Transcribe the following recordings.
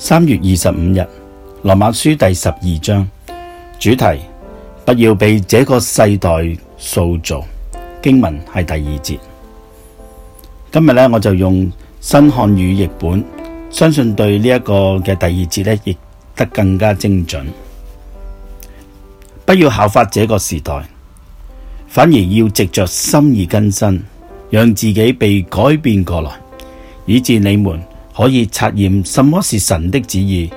三月二十五日，羅馬書第十二章，主題：不要被這個世代塑造。經文係第二節。今日呢，我就用新漢語譯本，相信對呢一個嘅第二節呢譯得更加精準。不要效法這個時代，反而要藉着心意更新，讓自己被改變過來，以致你們。可以察驗什麼是神的旨意，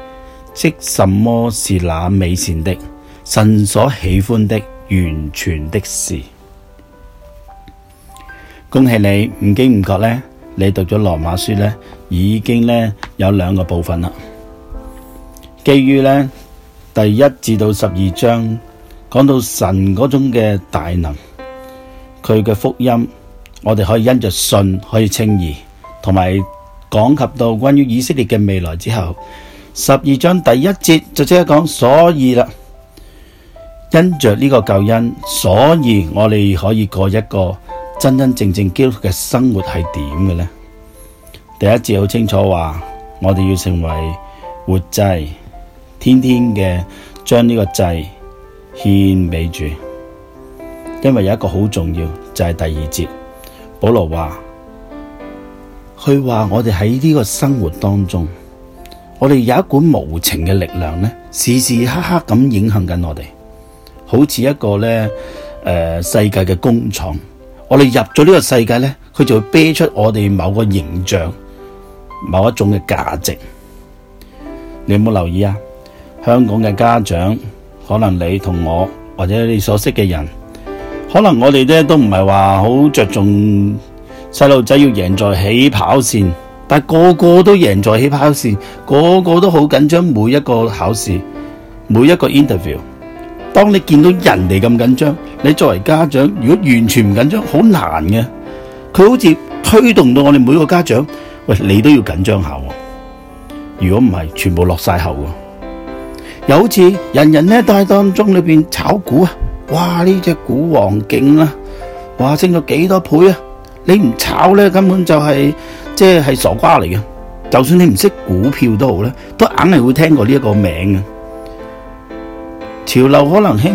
即什麼是那美善的神所喜歡的完全的事。恭喜你，唔經唔覺呢你讀咗羅馬書呢已經呢有兩個部分啦。基於呢第一至到十二章，講到神嗰種嘅大能，佢嘅福音，我哋可以因着信可以稱義，同埋。講及到關於以色列嘅未來之後，十二章第一節就即刻講，所以啦，因着呢個救恩，所以我哋可以過一個真真正正基督嘅生活係點嘅呢？第一節好清楚話，我哋要成為活祭，天天嘅將呢個祭獻俾主，因為有一個好重要就係、是、第二節，保羅話。佢話我哋喺呢個生活當中，我哋有一股無情嘅力量咧，時時刻刻咁影響緊我哋，好似一個咧誒、呃、世界嘅工廠，我哋入咗呢個世界咧，佢就會啤出我哋某個形象，某一種嘅價值。你有冇留意啊？香港嘅家長，可能你同我或者你所識嘅人，可能我哋咧都唔係話好着重。細路仔要贏在起跑線，但個個都贏在起跑線，個個都好緊張。每一個考試，每一個 interview，當你見到人哋咁緊張，你作為家長如果完全唔緊張，好難嘅。佢好似推動到我哋每個家長，喂，你都要緊張下。如果唔係，全部落晒口。又好似人人咧大檔中裏邊炒股啊，哇！呢隻股王勁啊，哇！升咗幾多倍啊！你唔炒咧，根本就係即係傻瓜嚟嘅。就算你唔識股票都好咧，都硬係會聽過呢一個名嘅。潮流可能興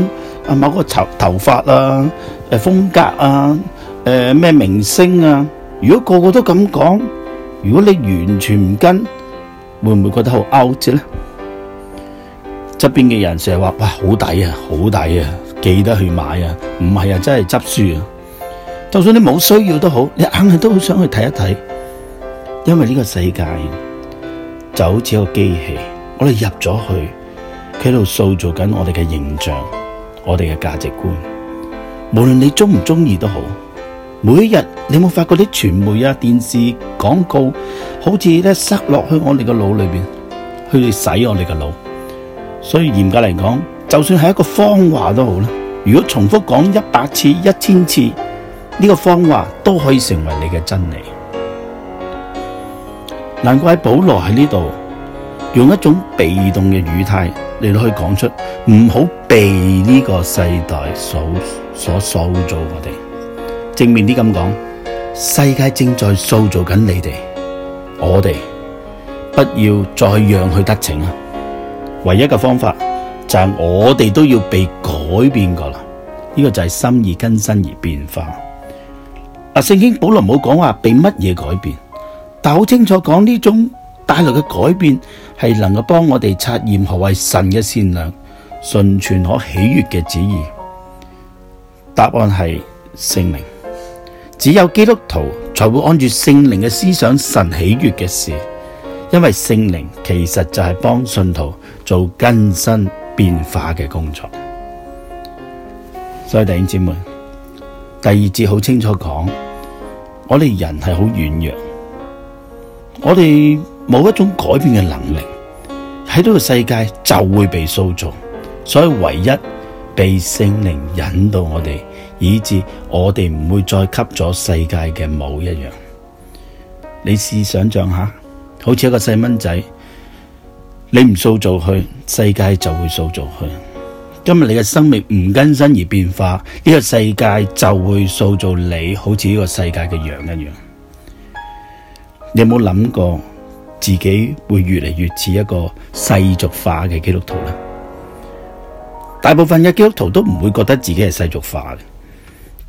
啊某個頭頭髮啊，誒風格啊，誒、呃、咩明星啊。如果個個都咁講，如果你完全唔跟，會唔會覺得好 out 啫咧？側邊嘅人成日話：哇，好抵啊，好抵啊，記得去買啊！唔係啊，真係執輸啊！就算你冇需要都好，你硬係都好想去睇一睇，因為呢個世界就好似一個機器，我哋入咗去，佢喺度塑造緊我哋嘅形象，我哋嘅價值觀。無論你中唔中意都好，每一日你冇發覺啲傳媒啊、電視廣告好似咧塞落去我哋個腦裏邊去洗我哋個腦？所以嚴格嚟講，就算係一個謊話都好啦。如果重複講一百次、一千次。呢個方法都可以成為你嘅真理，難怪保羅喺呢度用一種被動嘅語態，你都可以講出，唔好被呢個世代所所塑造我哋。正面啲咁講，世界正在塑造緊你哋，我哋不要再讓佢得逞啦。唯一嘅方法就係我哋都要被改變過啦。呢、這個就係心意更新而變化。啊！聖經保羅冇講話畀乜嘢改變，但係好清楚講呢種帶來嘅改變係能夠幫我哋察驗何為神嘅善良、純全、可喜悅嘅旨意。答案係聖靈，只有基督徒才會按住聖靈嘅思想，神喜悅嘅事，因為聖靈其實就係幫信徒做更新變化嘅工作。所以弟兄姐妹，第二節好清楚講。我哋人係好軟弱，我哋冇一種改變嘅能力，喺呢個世界就會被塑造，所以唯一被聖靈引導我哋，以至我哋唔會再吸咗世界嘅某一樣。你試想象下，好似一個細蚊仔，你唔塑造佢，世界就會塑造佢。今日你嘅生命唔更新而變化，呢個世界就會塑造你，好似呢個世界嘅樣一樣。你有冇諗過自己會越嚟越似一個世俗化嘅基督徒咧？大部分嘅基督徒都唔會覺得自己係世俗化嘅，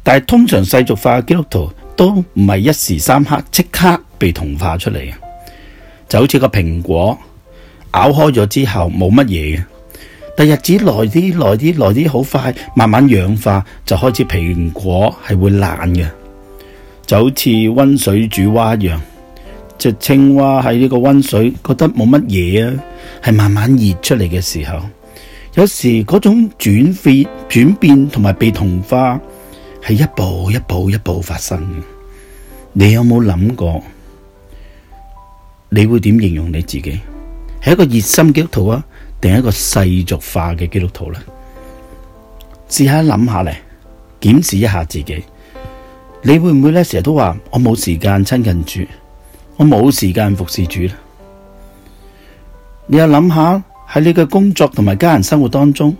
但係通常世俗化嘅基督徒都唔係一時三刻即刻被同化出嚟嘅，就好似個蘋果咬開咗之後冇乜嘢嘅。但日子耐啲，耐啲，耐啲，好快慢慢氧化，就開始蘋果係會爛嘅，就好似溫水煮蛙一樣，隻青蛙喺呢個溫水覺得冇乜嘢啊，係慢慢熱出嚟嘅時候，有時嗰種轉變、轉變同埋被同化係一步一步一步一步發生嘅。你有冇諗過？你會點形容你自己？係一個熱心嘅基督徒啊！定一個世俗化嘅基督徒咧？試下諗下咧，檢視一下自己，你會唔會咧成日都話我冇時間親近主，我冇時間服侍主咧？你又諗下喺你嘅工作同埋家人生活當中，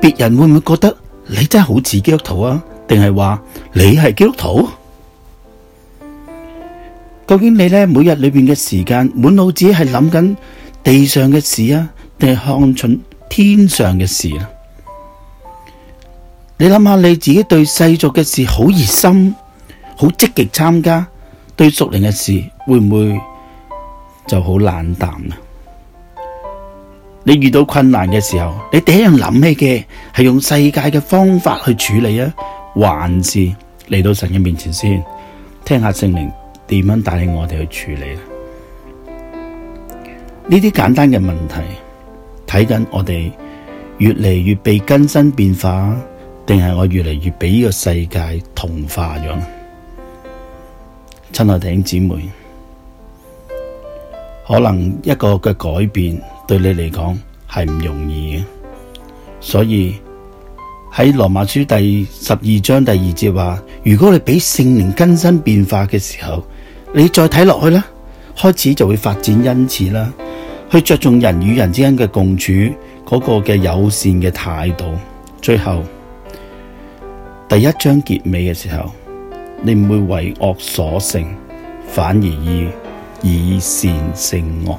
別人會唔會覺得你真係好似基督徒啊？定係話你係基督徒？究竟你咧每日裏邊嘅時間，滿腦子係諗緊？地上嘅事啊，定係看準天上嘅事啦？你諗下你自己對世俗嘅事好熱心，好積極參加，對屬靈嘅事會唔會就好冷淡啦？你遇到困難嘅時候，你第一樣諗起嘅係用世界嘅方法去處理啊，還是嚟到神嘅面前先，聽下聖靈點樣帶領我哋去處理啊？呢啲簡單嘅問題，睇緊我哋越嚟越被更新變化，定係我越嚟越俾呢個世界同化咗？親愛弟兄姊妹，可能一個嘅改變對你嚟講係唔容易嘅，所以喺羅馬書第十二章第二節話：如果你俾聖靈更新變化嘅時候，你再睇落去啦，開始就會發展因此啦。去着重人與人之間嘅共處嗰個嘅友善嘅態度，最後第一章結尾嘅時候，你唔會為惡所勝，反而以以善勝惡，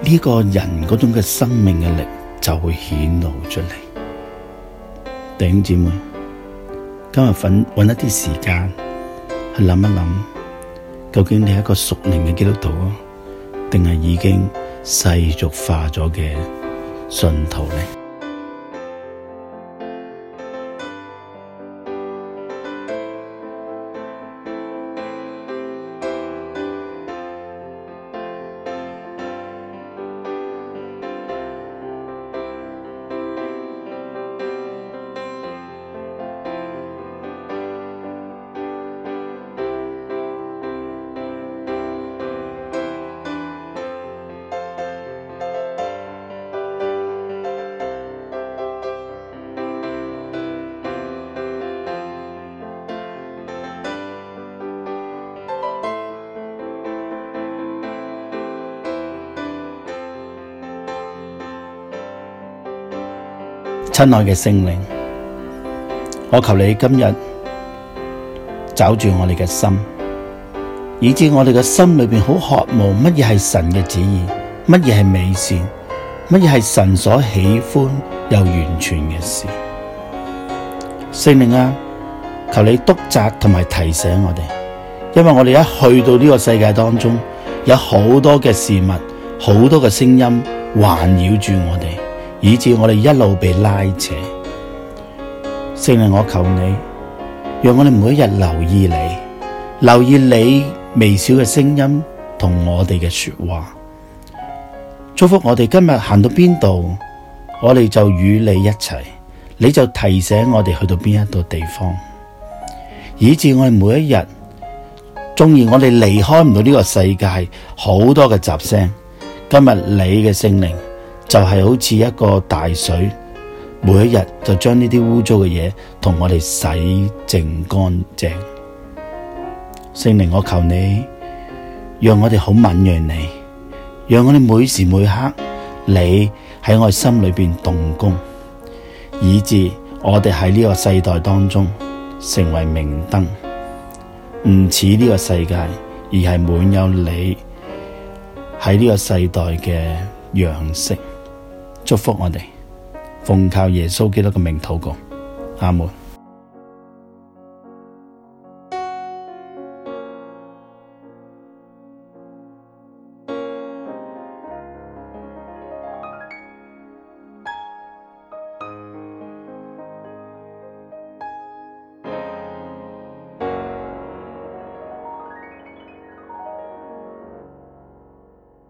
呢個人嗰種嘅生命嘅力就會顯露出嚟。弟兄姊妹，今日搵搵一啲時間去諗一諗，究竟你係一個屬靈嘅基督徒啊？定係已經世俗化咗嘅信徒咧？親愛嘅聖靈，我求你今日找住我哋嘅心，以至我哋嘅心裏面好渴望乜嘢係神嘅旨意，乜嘢係美善，乜嘢係神所喜歡又完全嘅事。聖靈啊，求你督責同埋提醒我哋，因為我哋一去到呢個世界當中，有好多嘅事物，好多嘅聲音環繞住我哋。以致我哋一路被拉扯，聖靈我求你，讓我哋每一日留意你，留意你微小嘅聲音同我哋嘅說話，祝福我哋今日行到邊度，我哋就與你一齊，你就提醒我哋去到邊一個地方，以致我哋每一日，縱然我哋離開唔到呢個世界，好多嘅雜聲，今日你嘅聖靈。就係好似一個大水，每一日就將呢啲污糟嘅嘢同我哋洗淨乾淨。聖靈，我求你讓我哋好敏銳，你讓我哋每時每刻你喺我心裏邊動工，以致我哋喺呢個世代當中成為明燈，唔似呢個世界，而係滿有你喺呢個世代嘅樣式。祝福我哋，奉靠耶穌基督嘅名禱告，阿門。